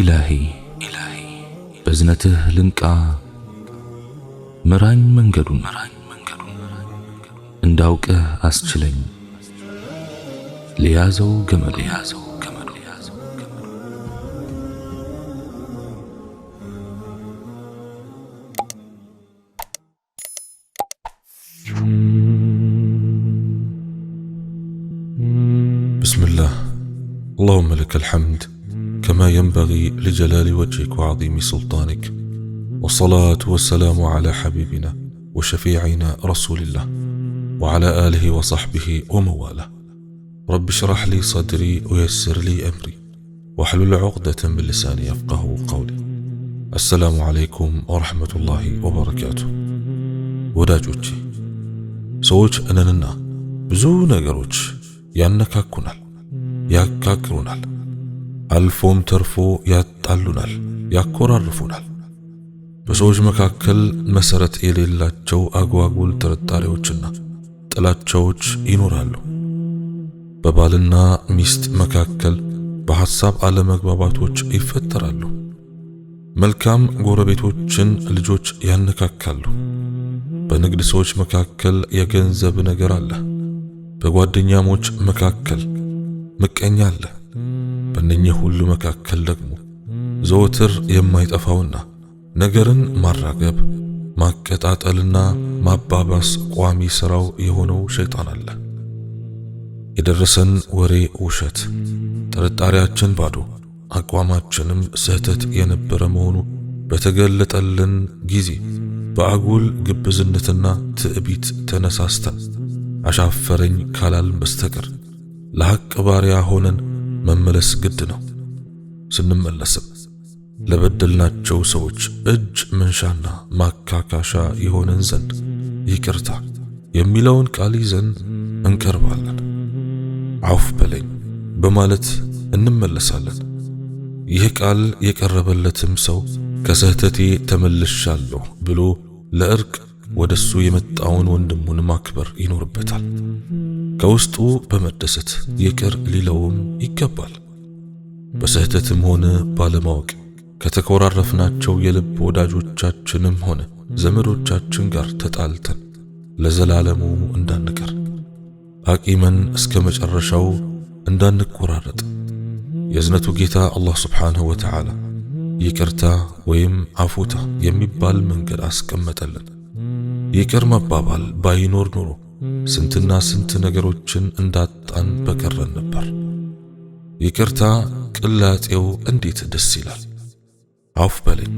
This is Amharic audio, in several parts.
إلهي إلهي بزنته لنكا مران منجدو مران منجدو انداوك أسجلين ليازو جمل ليازو جمل ليازو جمل بسم الله اللهم لك الحمد كما ينبغي لجلال وجهك وعظيم سلطانك والصلاة والسلام على حبيبنا وشفيعنا رسول الله وعلى آله وصحبه ومواله رب اشرح لي صدري ويسر لي أمري واحلل عقدة من لساني يفقه قولي السلام عليكم ورحمة الله وبركاته ወዳጆቼ ሰዎች እነንና ብዙ ነገሮች ያነካኩናል ያካክሩናል አልፎም ተርፎ ያጣሉናል፣ ያኮራርፉናል። በሰዎች መካከል መሰረት የሌላቸው አጓጉል ጥርጣሬዎችና ጥላቻዎች ይኖራሉ። በባልና ሚስት መካከል በሐሳብ አለመግባባቶች ይፈጠራሉ። መልካም ጎረቤቶችን ልጆች ያነካካሉ። በንግድ ሰዎች መካከል የገንዘብ ነገር አለ። በጓደኛሞች መካከል ምቀኛ አለ። ከእነኚህ ሁሉ መካከል ደግሞ ዘወትር የማይጠፋውና ነገርን ማራገብ ማቀጣጠልና ማባባስ ቋሚ ሥራው የሆነው ሸይጣን አለ። የደረሰን ወሬ ውሸት፣ ጥርጣሬያችን ባዶ፣ አቋማችንም ስህተት የነበረ መሆኑ በተገለጠልን ጊዜ በአጉል ግብዝነትና ትዕቢት ተነሳስተን አሻፈረኝ ካላልን በስተቀር ለሐቅ ባሪያ ሆነን መመለስ ግድ ነው። ስንመለስም ለበደልናቸው ሰዎች እጅ መንሻና ማካካሻ የሆነን ዘንድ ይቅርታ የሚለውን ቃል ይዘን እንቀርባለን። አፍ በለኝ በማለት እንመለሳለን። ይህ ቃል የቀረበለትም ሰው ከስህተቴ ተመልሻለሁ ብሎ ለእርቅ ወደሱ የመጣውን ወንድሙን ማክበር ይኖርበታል። ከውስጡ በመደሰት ይቅር ሊለውም ይገባል። በስህተትም ሆነ ባለማወቅ ከተኮራረፍናቸው የልብ ወዳጆቻችንም ሆነ ዘመዶቻችን ጋር ተጣልተን ለዘላለሙ እንዳንቀር አቂመን እስከ መጨረሻው እንዳንቆራረጥ የእዝነቱ ጌታ አላህ ስብሓንሁ ወተዓላ ይቅርታ ወይም አፉታ የሚባል መንገድ አስቀመጠልን። ይቅር መባባል ባይኖር ኑሮ ስንትና ስንት ነገሮችን እንዳጣን በቀረን ነበር። ይቅርታ ቅላጤው እንዴት ደስ ይላል! አፍ በለኝ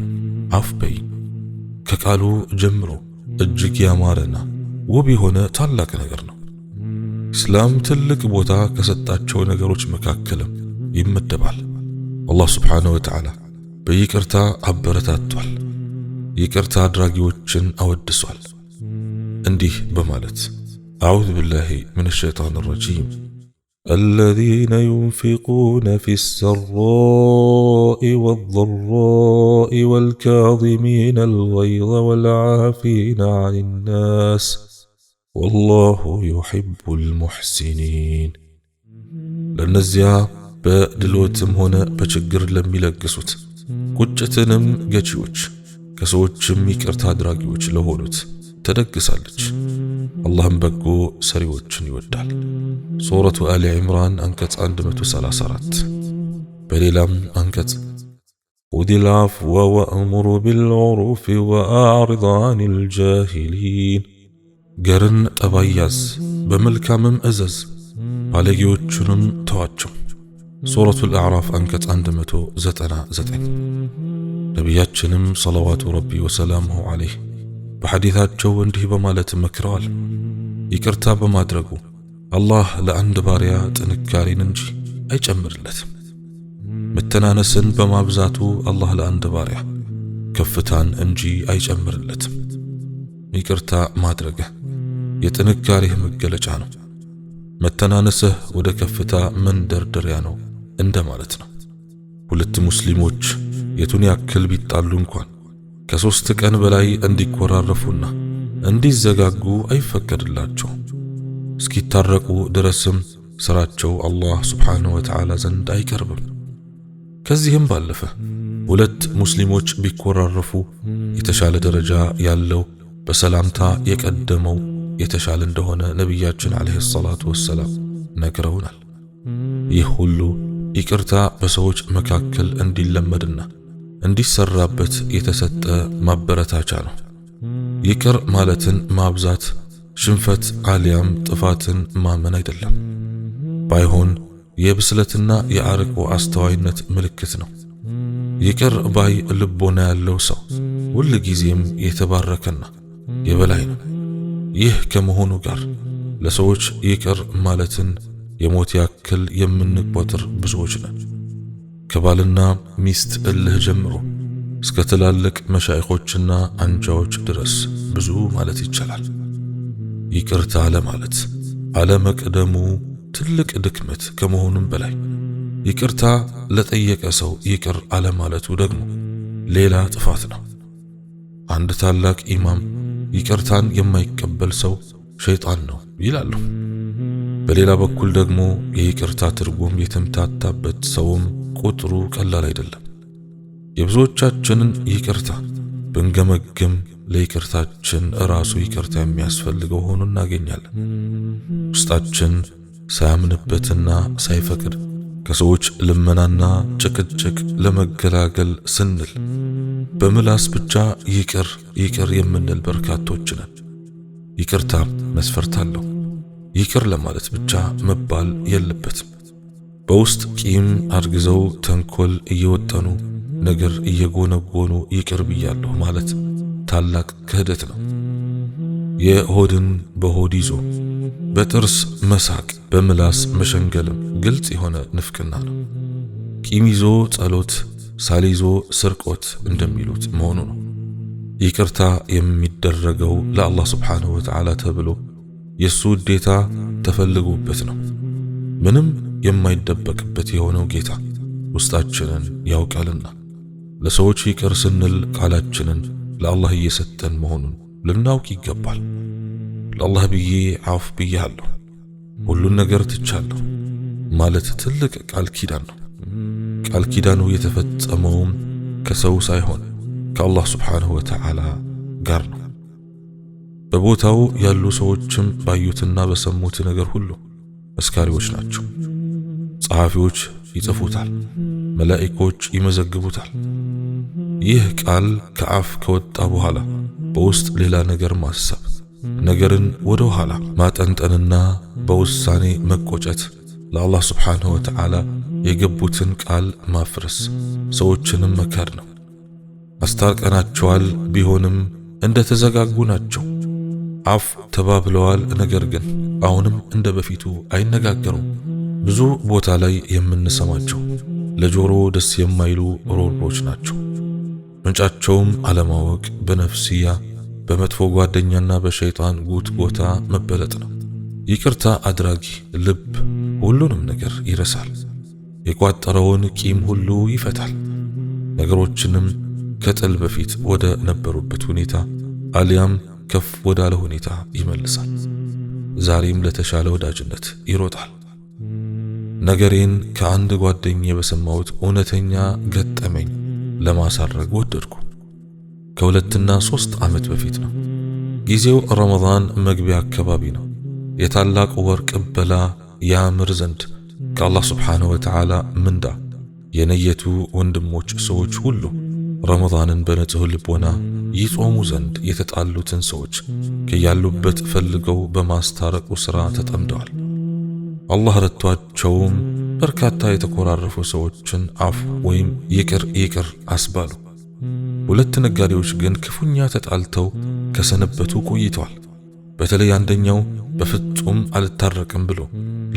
አፍ በይ ከቃሉ ጀምሮ እጅግ ያማረና ውብ የሆነ ታላቅ ነገር ነው። ኢስላም ትልቅ ቦታ ከሰጣቸው ነገሮች መካከልም ይመደባል። አላህ ሱብሓነሁ ወተዓላ በይቅርታ አበረታቷል፣ ይቅርታ አድራጊዎችን አወድሷል። እንዲህ በማለት أعوذ بالله من الشيطان الرجيم الذين ينفقون في السراء والضراء والكاظمين الغيظ والعافين عن الناس والله يحب المحسنين لأن دلوتم ለእነዚያ በድልወትም لم በችግር ለሚለግሱት ቁጭትንም ገቺዎች ከሰዎችም ይቅርታ አድራጊዎች تدقس عليك አላህም በጎ ሰሪዎችን ይወዳል። ሱረቱ አሊ ዒምራን አንቀጽ 134 በሌላም አንቀጽ ኡዲል ዓፍወ ወእሙሩ ቢልዑሩፍ ወአዕሪድ ዐኒል ጃሂሊን ገርን ጠባይ ያዝ፣ በመልካምም እዘዝ፣ ባለጌዎቹንም ተዋቸው። ሱረቱል አዕራፍ አንቀጽ 199 ነቢያችንም ሰለዋቱ ረቢ ወሰላሙሁ ዐለይህ በሐዲታቸው እንዲህ በማለት መክረዋል። ይቅርታ በማድረጉ አላህ ለአንድ ባሪያ ጥንካሬን እንጂ አይጨምርለትም። መተናነስን በማብዛቱ አላህ ለአንድ ባሪያ ከፍታን እንጂ አይጨምርለትም። ይቅርታ ማድረግህ የጥንካሬህ መገለጫ ነው። መተናነስህ ወደ ከፍታ መንደርደሪያ ነው እንደማለት ነው። ሁለት ሙስሊሞች የቱን ያክል ቢጣሉ እንኳን ከሦስት ቀን በላይ እንዲኮራረፉና እንዲዘጋጉ አይፈቀድላቸው። እስኪታረቁ ድረስም ሥራቸው አላህ ሱብሓነሁ ወተዓላ ዘንድ አይቀርብም። ከዚህም ባለፈ ሁለት ሙስሊሞች ቢኮራረፉ የተሻለ ደረጃ ያለው በሰላምታ የቀደመው የተሻለ እንደሆነ ነቢያችን ዓለይሂ ሰላቱ ወሰላም ነግረውናል። ይህ ሁሉ ይቅርታ በሰዎች መካከል እንዲለመድና እንዲሰራበት የተሰጠ ማበረታቻ ነው። ይቅር ማለትን ማብዛት ሽንፈት አሊያም ጥፋትን ማመን አይደለም፣ ባይሆን የብስለትና የአርቆ አስተዋይነት ምልክት ነው። ይቅር ባይ ልቦና ያለው ሰው ሁል ጊዜም የተባረከና የበላይ ነው። ይህ ከመሆኑ ጋር ለሰዎች ይቅር ማለትን የሞት ያክል የምንቆጥር ብዙዎች ነን። ከባልና ሚስት እልህ ጀምሮ እስከ ትላልቅ መሻይኾችና አንጃዎች ድረስ ብዙ ማለት ይቻላል። ይቅርታ ለማለት አለመቅደሙ ትልቅ ድክመት ከመሆኑም በላይ ይቅርታ ለጠየቀ ሰው ይቅር አለማለቱ ደግሞ ሌላ ጥፋት ነው። አንድ ታላቅ ኢማም ይቅርታን የማይቀበል ሰው ሸይጣን ነው ይላሉ። በሌላ በኩል ደግሞ የይቅርታ ትርጉም የተምታታበት ሰውም ቁጥሩ ቀላል አይደለም። የብዙዎቻችንን ይቅርታ ብንገመግም ለይቅርታችን ራሱ ይቅርታ የሚያስፈልገው ሆኖ እናገኛለን። ውስጣችን ሳያምንበትና ሳይፈቅድ ከሰዎች ልመናና ጭቅጭቅ ለመገላገል ስንል በምላስ ብቻ ይቅር ይቅር የምንል በርካቶች ነን። ይቅርታ መስፈርት አለው። ይቅር ለማለት ብቻ መባል የለበትም። በውስጥ ቂም አርግዘው ተንኮል እየወጠኑ ነገር እየጎነጎኑ ይቅር ብያለሁ ማለት ታላቅ ክህደት ነው። የሆድን በሆድ ይዞ በጥርስ መሳቅ በምላስ መሸንገልም ግልጽ የሆነ ንፍቅና ነው። ቂም ይዞ ጸሎት፣ ሳል ስርቆት እንደሚሉት መሆኑ ነው። ይቅርታ የሚደረገው ለአላህ ስብሓንሁ ወተዓላ ተብሎ የእሱ ውዴታ ተፈልጎበት ነው። ምንም የማይደበቅበት የሆነው ጌታ ውስጣችንን ያውቃልና ለሰዎች ይቅር ስንል ቃላችንን ለአላህ እየሰጠን መሆኑን ልናውቅ ይገባል። ለአላህ ብዬ አፍ ብያለሁ፣ ሁሉን ነገር ትቻለሁ ማለት ትልቅ ቃል ኪዳን ነው። ቃል ኪዳኑ የተፈጸመውም ከሰው ሳይሆን ከአላህ ስብሓንሁ ወተዓላ ጋር ነው። በቦታው ያሉ ሰዎችም ባዩትና በሰሙት ነገር ሁሉ መስካሪዎች ናቸው። ጸሐፊዎች ይጽፉታል፣ መላእኮች ይመዘግቡታል። ይህ ቃል ከአፍ ከወጣ በኋላ በውስጥ ሌላ ነገር ማሰብ፣ ነገርን ወደ ኋላ ማጠንጠንና በውሳኔ መቆጨት፣ ለአላህ ስብሓንሁ ወተዓላ የገቡትን ቃል ማፍረስ፣ ሰዎችንም መከር ነው። አስታርቀናቸዋል፣ ቢሆንም እንደ ተዘጋጉ ናቸው አፍ ተባብለዋል። ነገር ግን አሁንም እንደ በፊቱ አይነጋገሩም። ብዙ ቦታ ላይ የምንሰማቸው ለጆሮ ደስ የማይሉ ሮሮች ናቸው። ምንጫቸውም አለማወቅ፣ በነፍስያ በመጥፎ ጓደኛና በሸይጣን ጉት ጉትጎታ መበለጥ ነው። ይቅርታ አድራጊ ልብ ሁሉንም ነገር ይረሳል። የቋጠረውን ቂም ሁሉ ይፈታል። ነገሮችንም ከጥል በፊት ወደ ነበሩበት ሁኔታ አሊያም ከፍ ወዳለ ሁኔታ ይመልሳል። ዛሬም ለተሻለ ወዳጅነት ይሮጣል። ነገሬን ከአንድ ጓደኛ በሰማሁት እውነተኛ ገጠመኝ ለማሳረግ ወደድኩ። ከሁለትና ሦስት ዓመት በፊት ነው። ጊዜው ረመዳን መግቢያ አካባቢ ነው። የታላቅ ወር ቅበላ ያምር ዘንድ ከአላህ ስብሓንሁ ወተዓላ ምንዳ የነየቱ ወንድሞች ሰዎች ሁሉ ረመዳንን በንጹሕ ልቦና ይጾሙ ዘንድ የተጣሉትን ሰዎች ከያሉበት ፈልገው በማስታረቁ ሥራ ተጠምደዋል። አላህ ረድቷቸውም በርካታ የተኮራረፉ ሰዎችን አፍ ወይም ይቅር ይቅር አስባሉ። ሁለት ነጋዴዎች ግን ክፉኛ ተጣልተው ከሰነበቱ ቆይተዋል። በተለይ አንደኛው በፍጹም አልታረቅም ብሎ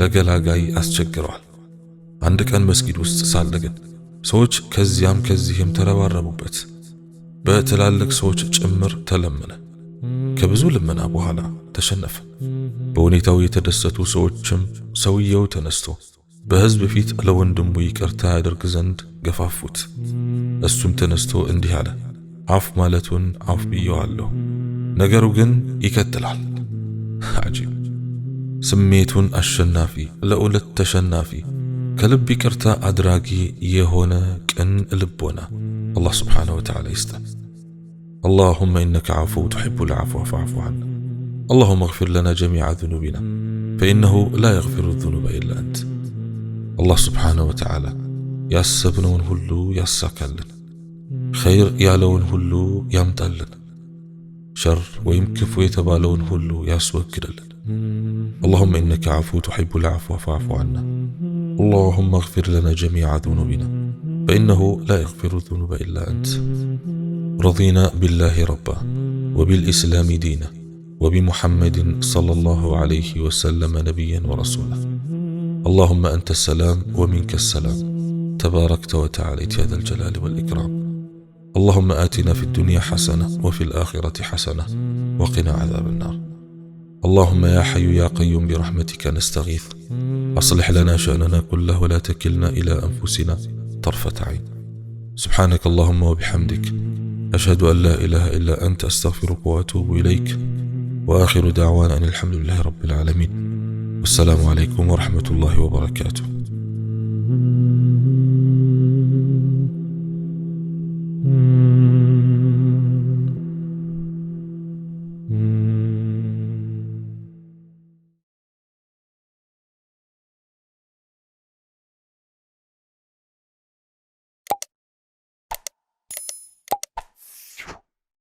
ለገላጋይ አስቸግረዋል። አንድ ቀን መስጊድ ውስጥ ሳለ ግን ሰዎች ከዚያም ከዚህም ተረባረቡበት፣ በትላልቅ ሰዎች ጭምር ተለመነ። ከብዙ ልመና በኋላ ተሸነፈ። በሁኔታው የተደሰቱ ሰዎችም ሰውየው ተነስቶ በሕዝብ ፊት ለወንድሙ ይቅርታ ያደርግ ዘንድ ገፋፉት። እሱም ተነስቶ እንዲህ አለ፣ አፍ ማለቱን አፍ ብየዋለሁ፣ ነገሩ ግን ይቀጥላል። አጂብ ስሜቱን አሸናፊ ለሁለት ተሸናፊ كلب بكرتا أدراجي يهونا كن لبونا الله سبحانه وتعالى يسته اللهم إنك عفو تحب العفو فاعف عنا اللهم اغفر لنا جميع ذنوبنا فإنه لا يغفر الذنوب إلا أنت الله سبحانه وتعالى يا السبنون هلو يا السكلن خير يا لون هلو يا مدلن شر ويمكف ويتبالون هلو يا سوكرلن اللهم إنك عفو تحب العفو فاعف عنا اللهم اغفر لنا جميع ذنوبنا فإنه لا يغفر الذنوب إلا أنت رضينا بالله ربا وبالإسلام دينا وبمحمد صلى الله عليه وسلم نبيا ورسولا اللهم أنت السلام ومنك السلام تباركت وتعاليت يا ذا الجلال والإكرام اللهم آتنا في الدنيا حسنة وفي الآخرة حسنة وقنا عذاب النار اللهم يا حي يا قيوم برحمتك نستغيث أصلح لنا شأننا كله ولا تكلنا إلى أنفسنا طرفة عين سبحانك اللهم وبحمدك أشهد أن لا إله إلا أنت أستغفرك وأتوب إليك وآخر دعوانا أن الحمد لله رب العالمين والسلام عليكم ورحمة الله وبركاته